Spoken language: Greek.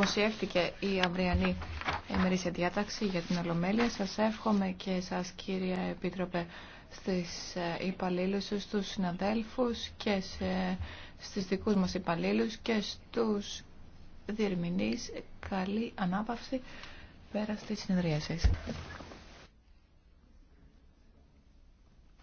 δημοσιεύτηκε η αυριανή ημερήσια διάταξη για την Ολομέλεια. Σας εύχομαι και σας κύριε Επίτροπε στις ε, υπαλλήλους, στους συναδέλφους και σε, στις δικούς μας υπαλλήλους και στους διερμηνείς καλή ανάπαυση πέρα στη συνεδρία σας.